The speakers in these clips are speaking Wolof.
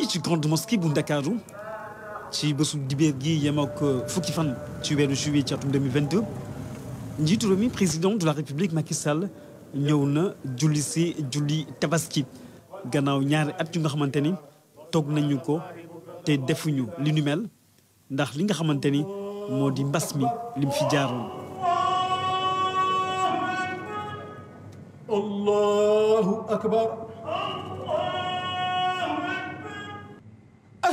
fii ci grande mosquée bu Ndakaaru ci bésu dibéer gi yem ak euh, fukki fan ci weeru juillet ci atum 2022 njiitu réew mi président de la république Macky Sall ñëw na julli si julli tabaski gannaaw ñaari at yu nga xamante ni toog nañu ko te defuñu li nu mel ndax li nga xamante ni moo di mbas mi lim fi jaaroon. Allahu akbar.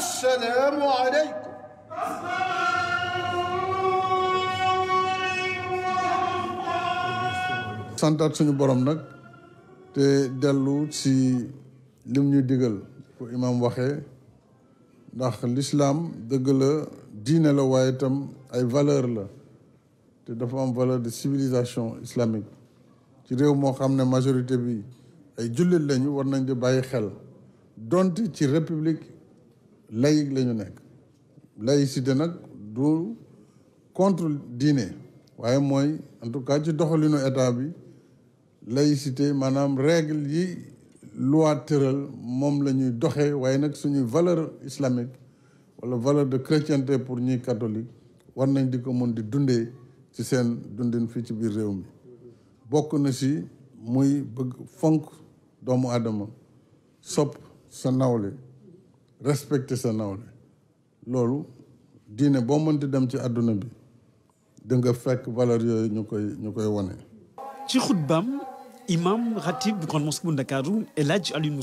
santaat suñu borom nag te dellu ci lim ñu digal fu imaam waxe ndax lislaam dëgg la diine la waaye itam ay valeur la te dafa am valeur de civilisation islamique ci réew moo xam ne majorité bi ay jullit lañu war nañ di bàyyi xel donte ci république laïque la ñu nekk laïcité nag du contre diine waaye mooy en tout cas ci doxalinu état bi laïcité maanaam règle yi loi tëral moom la ñuy doxee waaye nag suñuy valeur islamique wala valeur de chrétienté pour ñuy catholique war nañ di ko mën di dundee ci seen dundin fii ci biir réew mi bokk na si muy bëgg fonk doomu aadama sopp sa nawle respecté sa nawle loolu diine boo mënti dem ci àdduna bi da nga fekk valeur yooyu ñu koy ñu koy wane. ci xutbaam imam ratib bu grande mosquée bu Ndakaaru El Hadj Aliou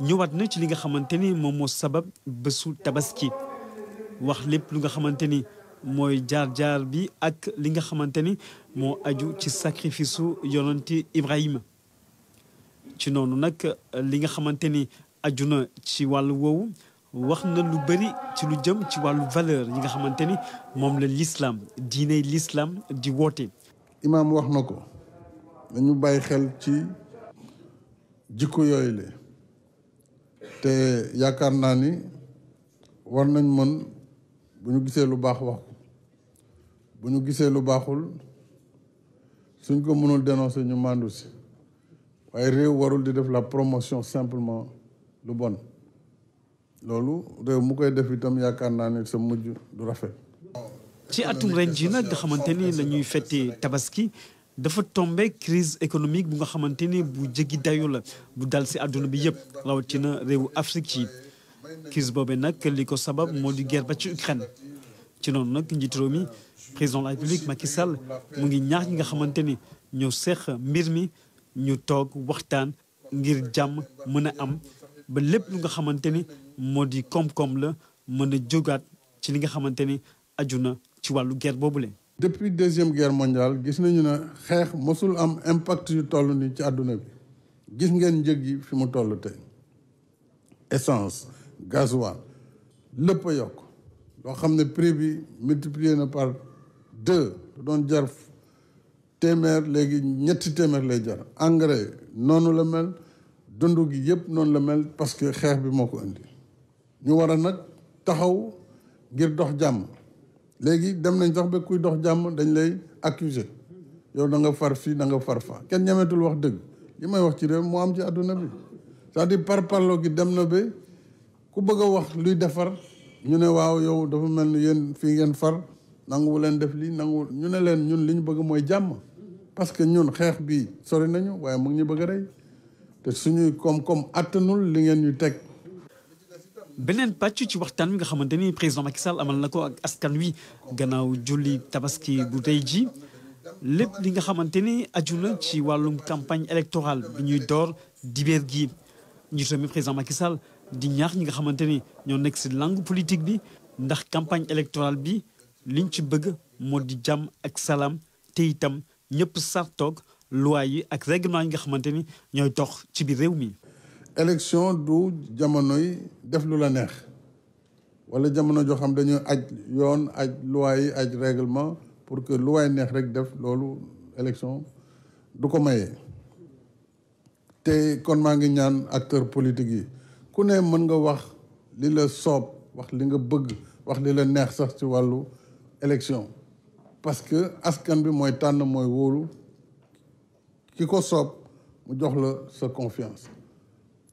ñëwaat na ci li nga xamante ni moom moo sabab bésu tabaski wax lépp lu nga xamante ni mooy jaar-jaar bi ak li nga xamante ni moo aju ci sacrifice yonanti Ibrahima ci noonu nag li nga xamante ni aju ci wàll woowu wax na lu bari ci lu jëm ci wàllu valeur yi nga xamante ni moom la lislaam diiney lislaam di woote. imaam wax na ko dañu bàyyi xel ci jikko yooyu la te yaakaar naa ni war nañ mën bu ñu gisee lu baax wax bu ñu gisee lu baaxul suñ ko mënul dénoncer ñu màndu si waaye réew warul di def la promotion simplement lu bon loolu réew mu koy def itam yaakaar naa ne sa mujj du rafet. ci atum ren ji nag nga xamante ni lañuy ñuy tabaski dafa tombe crise économique bu nga xamante ni bu jéggi dayu la bu dal si àdduna bi yëpp rawatina réewu Afrique yi crise boobee nag li ko sabab moo di guerre ba ci Ukraine noonu nag njiitu réew mi président de la Sall mu ngi ñaax ñi nga xamante ni ñoo seex mbir mi ñu toog waxtaan ngir jàmm mën a am ba lépp lu nga xamante ni moo di koom-koom la mën a jógaat ci li nga xamante ni aju na ci wàllu guerre boobule. depuis deuxième guerre mondiale gis nañu ne xeex mosul am impact yu toll ni ci àdduna bi gis ngeen njëg yi fi mu toll tey essence gasoil lépp yokk loo xam ne prix bi multiplié na par deux doon jar téeméer léegi ñetti téeméer lay jar engrais noonu la mel. dund gi yëpp noonu la mel parce que xeex bi moo ko indi ñu war a nag taxaw ngir dox jàmm léegi dem nañ sax ba kuy dox jàmm dañ lay accuser yow da nga far fii da nga far fa kenn ñemetul wax dëgg li may wax ci réew moo am ci àdduna bi c'est-à-dire par parlo gi dem na ba ku bëgg a wax luy defar ñu ne waaw yow dafa mel ni yéen fii ngeen far nanguwu leen def lii nanguwu ñu ne leen ñun li ñu bëgg mooy jàmm parce que ñun xeex bi sori nañu waaye mu ngi bëgg a rey te suñuy koom-koom attanul li ngeen ñu teg. beneen pàcc ci waxtaan wi nga xamante ni président Macky Sall amal na ko ak askan wi gannaaw julli tabaski bu tey ji lépp li nga xamante ni aju na ci wàllum campagne électorale bi ñuy door dibeer gi ñu tamit président Macky Sall di ñaax ñi nga xamante ni ñoo nekk si langue politique bi ndax campagne électorale bi liñ ci bëgg moo di jàmm ak salaam te itam ñëpp sartoog loi yi ak règlement yi nga xamante ni ñooy tox ci biir réew mii élection du jamonoy def lu la neex wala jamono joo xam dañuy aj yoon aj loi yi aj réglement pour que lu waay neex rek def loolu élection du ko maye. te kon maa ngi ñaan acteur politique yi ku ne mën nga wax li la soob wax li nga bëgg wax li la neex sax ci wàllu élection parce que askan bi mooy tànn mooy wóolu. ki ko soob mu jox la sa confiance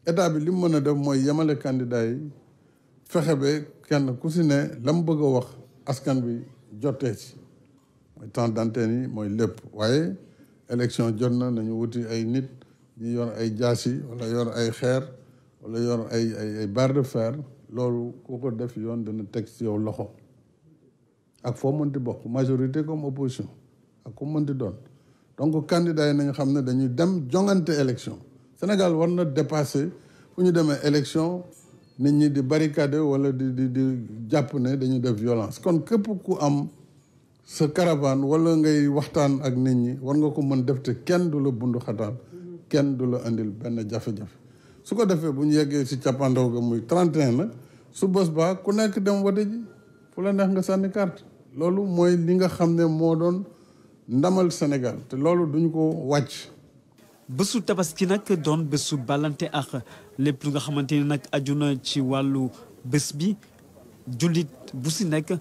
état bi li mën a def mooy yemale candidat yi fexe ba kenn ku si ne la bëgg a wax askan bi jotee ci mooy temps d'antenne yi mooy lépp waaye élection jot na nañu wuti ay nit ñu yor ay jaasi wala yor ay xeer wala yor ay ay ay barre loolu ku ko def yoon dana teg ci yow loxo ak foo mënti bokk majorité comme opposition ak ku mënti doon donc candidat yi nañu xam ne dañuy dem jongante élection Sénégal war na dépasser fu ñu demee élection nit ñi di barricade wala di di di jàpp ne dañuy def violence kon képp ku am sa caravane wala ngay waxtaan ak nit ñi war nga ko mën def te kenn du la bundu xataal kenn du la indil benn jafe-jafe su ko defee bu ñu yeggee si cappandaw ga muy 31 nag su bés baa ku nekk dem wote ji fu la neex nga sànni carte loolu mooy li nga xam ne moo doon ndamal Sénégal te loolu duñu ko wàcc. bësu tabaski nag doon bésu balante ak lépp lu nga xamante ni nag aju ci wàllu bés bi jullit bu si nekk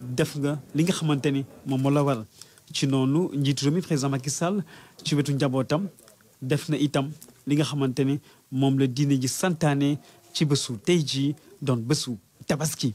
def nga li nga xamante ni moom moo la war ci noonu njiitu réew mi président Macky Sall ci wetu njabootam def na itam li nga xamante ni moom la diine ji santaane ci bësu tey jii doon bésu tabaski.